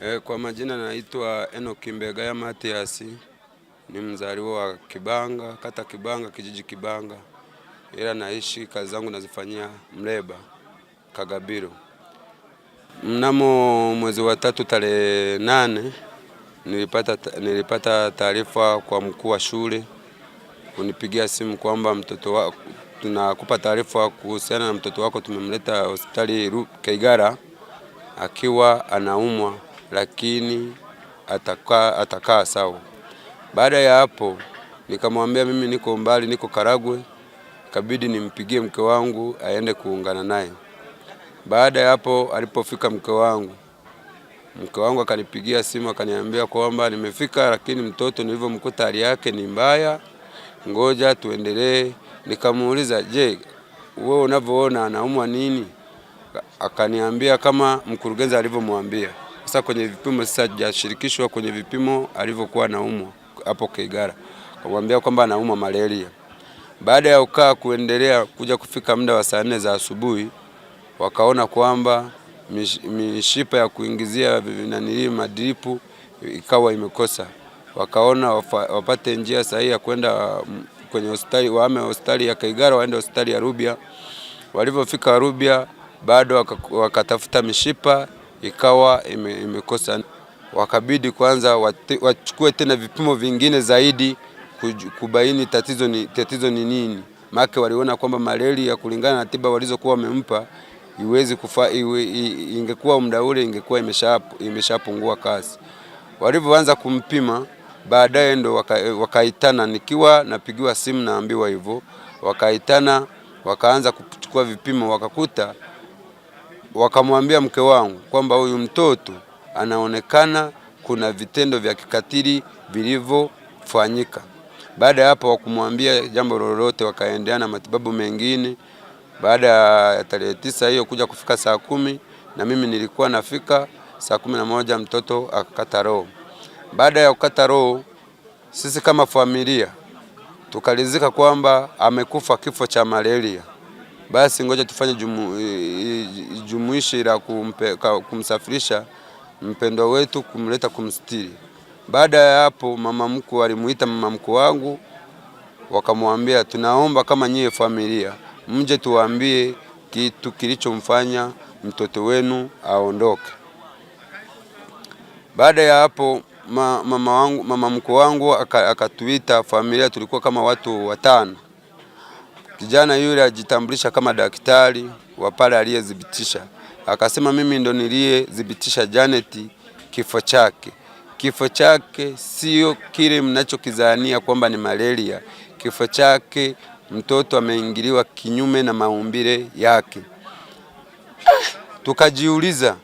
Eh, kwa majina naitwa Enoch Mbegaya Matias, ni mzaliwa wa Kibanga, kata Kibanga, kijiji Kibanga, ila naishi kazi zangu nazifanyia Mleba Kagabiro. Mnamo mwezi wa tatu tarehe nane nilipata, nilipata taarifa kwa mkuu wa shule kunipigia simu kwamba mtoto wa tunakupa taarifa kuhusiana na mtoto wako. Tumemleta hospitali Kaigara akiwa anaumwa, lakini atakaa atakaa sawa. Baada ya hapo, nikamwambia mimi niko mbali, niko Karagwe, kabidi nimpigie mke wangu aende kuungana naye. Baada ya hapo, alipofika mke wangu mke wangu akanipigia simu akaniambia kwamba nimefika, lakini mtoto nilivyomkuta hali yake ni mbaya, ngoja tuendelee Nikamuuliza, je, wewe unavyoona anaumwa nini? Akaniambia kama mkurugenzi alivyomwambia. Sasa kwenye vipimo sasa hajashirikishwa kwenye vipimo alivyokuwa anaumwa hapo kigara kamwambia kwamba anaumwa malaria. Baada ya ukaa kuendelea kuja kufika muda wa saa nne za asubuhi, wakaona kwamba mishipa ya kuingizia vinanilii madripu ikawa imekosa, wakaona wapate njia sahihi ya kwenda kwenye hospitali, wahame hospitali ya Kaigara waende hospitali ya Rubya. Walivyofika Rubya bado wakatafuta mishipa ikawa ime, imekosa, wakabidi kwanza wachukue tena vipimo vingine zaidi kubaini tatizo ni, tatizo ni nini. Make waliona kwamba maleli ya kulingana na tiba walizokuwa wamempa iwezi kufa, iwe, ingekuwa muda ule ingekuwa imeshapungua imesha kasi. Walivyoanza kumpima baadaye ndo waka, wakaitana, nikiwa napigiwa simu naambiwa hivyo, wakaitana wakaanza kuchukua vipimo, wakakuta wakamwambia mke wangu kwamba huyu mtoto anaonekana kuna vitendo vya kikatili vilivyofanyika. Baada ya hapo wakumwambia jambo lolote, wakaendelea na matibabu mengine. Baada ya tarehe tisa hiyo kuja kufika saa kumi na mimi nilikuwa nafika saa kumi na moja mtoto akakata roho. Baada ya kukata roho, sisi kama familia tukalizika kwamba amekufa kifo cha malaria. Basi ngoja tufanye jumu, jumuishi la kumsafirisha mpendwa wetu kumleta kumstiri. Baada ya hapo, mama mkuu alimuita mama mkuu wangu, wakamwambia tunaomba kama nyie familia mje tuwaambie kitu kilichomfanya mtoto wenu aondoke. Baada ya hapo ma, mama wangu, mama mkwe wangu akatuita familia, tulikuwa kama watu watano. Kijana yule ajitambulisha kama daktari wa pale aliyedhibitisha, akasema mimi ndo niliyedhibitisha Janet kifo chake. Kifo chake sio kile mnachokizania kwamba ni malaria. Kifo chake mtoto ameingiliwa kinyume na maumbile yake. Tukajiuliza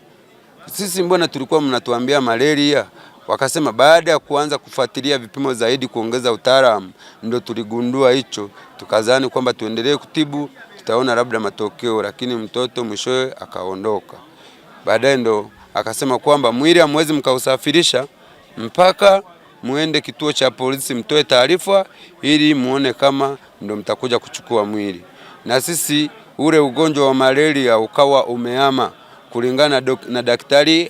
sisi, mbona tulikuwa mnatuambia malaria? Wakasema baada ya kuanza kufuatilia vipimo zaidi, kuongeza utaalamu, ndio tuligundua hicho, tukazani kwamba tuendelee kutibu, tutaona labda matokeo, lakini mtoto mwishowe akaondoka. Baadaye ndo akasema kwamba mwili hamwezi mkausafirisha mpaka muende kituo cha polisi mtoe taarifa, ili muone kama ndo mtakuja kuchukua mwili. Na sisi ule ugonjwa wa malaria ukawa umeama kulingana na daktari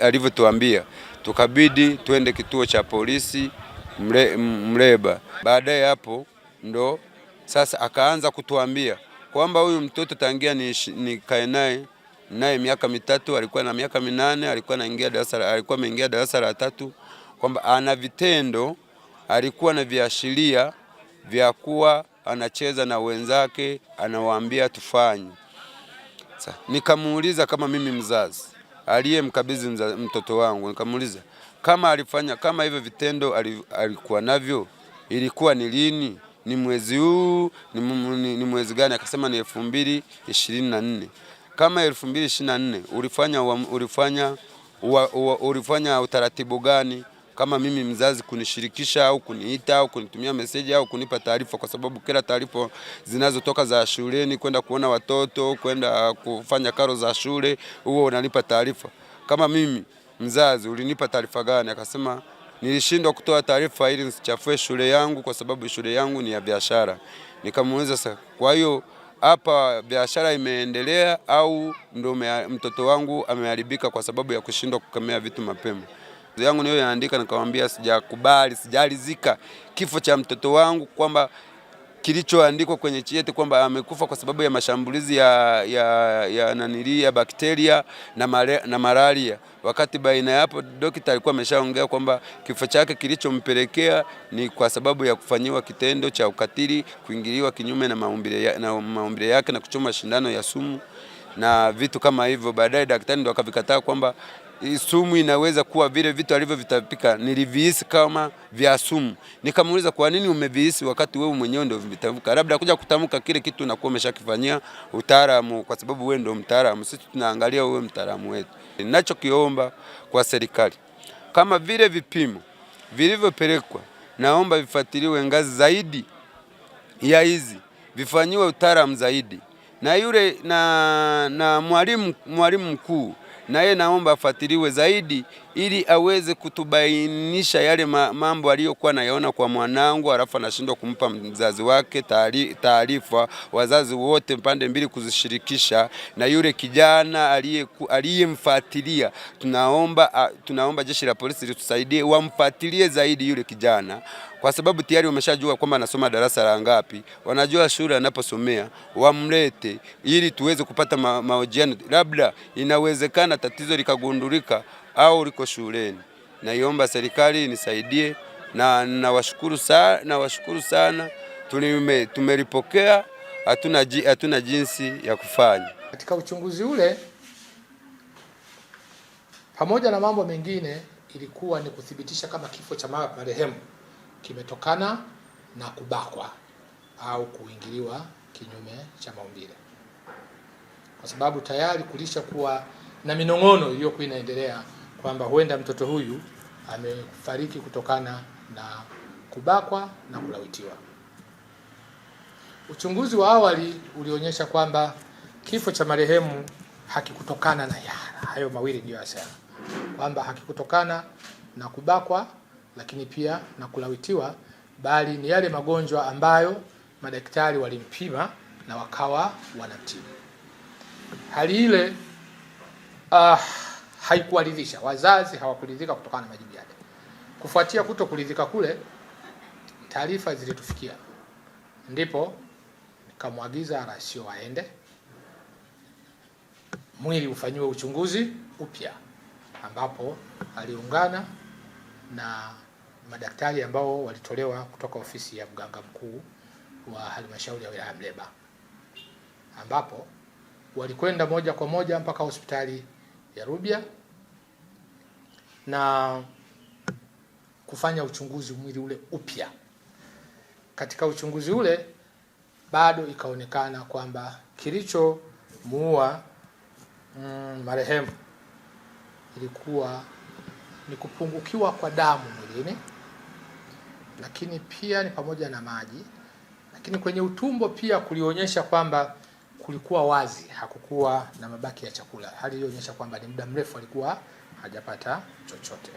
alivyotuambia tukabidi twende kituo cha polisi mle, Mleba. Baadaye hapo ndo sasa akaanza kutuambia kwamba huyu mtoto tangia nikae ni naye naye miaka mitatu, alikuwa na miaka minane, alikuwa anaingia darasa, alikuwa ameingia darasa la tatu, kwamba ana vitendo, alikuwa na viashiria vya kuwa anacheza na wenzake, anawaambia tufanye. Nikamuuliza kama mimi mzazi aliyemkabidhi mtoto wangu. Nikamuuliza kama alifanya kama hivyo vitendo alikuwa navyo, ilikuwa ni lini? Ni mwezi huu? Ni mwezi gani? Akasema ni elfu mbili ishirini na nne. Kama elfu mbili ishirini na nne ulifanya, ulifanya, ulifanya utaratibu gani? kama mimi mzazi kunishirikisha au kuniita au kunitumia meseji au kunipa taarifa, kwa sababu kila taarifa zinazotoka za shuleni kwenda kuona watoto kwenda kufanya karo za shule, huo unanipa taarifa. Kama mimi mzazi ulinipa taarifa gani? Akasema nilishindwa kutoa taarifa ili nisichafue shule yangu, kwa sababu shule yangu ni ya biashara. Nikamuuliza sasa, kwa hiyo hapa biashara imeendelea au ndo mtoto wangu ameharibika kwa sababu ya kushindwa kukemea vitu mapema? yangu niliyoandika nikamwambia, sijakubali, sijalizika kifo cha mtoto wangu, kwamba kilichoandikwa kwenye cheti kwamba amekufa kwa sababu ya mashambulizi ya, ya, ya nanili ya bakteria na, mare, na malaria. Wakati baina ya hapo daktari alikuwa ameshaongea kwamba kifo chake kilichompelekea ni kwa sababu ya kufanyiwa kitendo cha ukatili, kuingiliwa kinyume na maumbile ya, na maumbile yake na kuchoma shindano ya sumu na vitu kama hivyo. Baadaye daktari ndo akavikataa kwamba sumu inaweza kuwa vile vitu alivyovitapika nilivihisi kama vya sumu. Nikamuuliza, kwa nini umevihisi wakati wewe mwenyewe ndio vimetamka? Labda kuja kutamka kile kitu kuwa umeshakifanyia utaalamu, kwa sababu wewe ndio mtaalamu, sisi tunaangalia wewe mtaalamu wetu. Ninachokiomba kwa serikali, kama vile vipimo vilivyopelekwa, naomba vifuatiliwe ngazi zaidi ya hizi, vifanyiwe utaalamu zaidi, na yule na, na mwalimu mwalimu mkuu na yeye naomba afuatiliwe zaidi ili aweze kutubainisha yale mambo aliyokuwa nayaona kwa mwanangu, alafu anashindwa kumpa mzazi wake taarifa, wazazi wote pande mbili kuzishirikisha, na yule kijana aliyemfuatilia, tunaomba, tunaomba jeshi la polisi litusaidie, wamfuatilie zaidi yule kijana kwa sababu tayari wameshajua kwamba anasoma darasa la ngapi, wanajua shule anaposomea, wamlete ili tuweze kupata ma mahojiano. Labda inawezekana tatizo likagundulika au liko shuleni. Naiomba serikali nisaidie, na nawashukuru sana, nawashukuru sana. Tulime, tumelipokea hatuna, hatuna jinsi ya kufanya. Katika uchunguzi ule, pamoja na mambo mengine, ilikuwa ni kuthibitisha kama kifo cha marehemu kimetokana na kubakwa au kuingiliwa kinyume cha maumbile, kwa sababu tayari kulisha kuwa na minong'ono iliyokuwa inaendelea kwamba huenda mtoto huyu amefariki kutokana na kubakwa na kulawitiwa. Uchunguzi wa awali ulionyesha kwamba kifo cha marehemu hakikutokana na ya, hayo mawili niliyoyasema, kwamba hakikutokana na kubakwa lakini pia na kulawitiwa, bali ni yale magonjwa ambayo madaktari walimpima na wakawa wanatibu hali ile. Ah, haikuwaridhisha, wazazi hawakuridhika kutokana na majibu yale. Kufuatia kuto kuridhika kule, taarifa zilitufikia, ndipo nikamwagiza rasio waende mwili ufanyiwe uchunguzi upya, ambapo aliungana na madaktari ambao walitolewa kutoka ofisi ya mganga mkuu wa halmashauri ya wilaya Mleba, ambapo walikwenda moja kwa moja mpaka hospitali ya rubia na kufanya uchunguzi mwili ule upya. Katika uchunguzi ule bado ikaonekana kwamba kilichomuua mm, marehemu ilikuwa ni kupungukiwa kwa damu mwilini, lakini pia ni pamoja na maji, lakini kwenye utumbo pia kulionyesha kwamba kulikuwa wazi, hakukuwa na mabaki ya chakula, hali iliyoonyesha kwamba ni muda mrefu alikuwa hajapata chochote.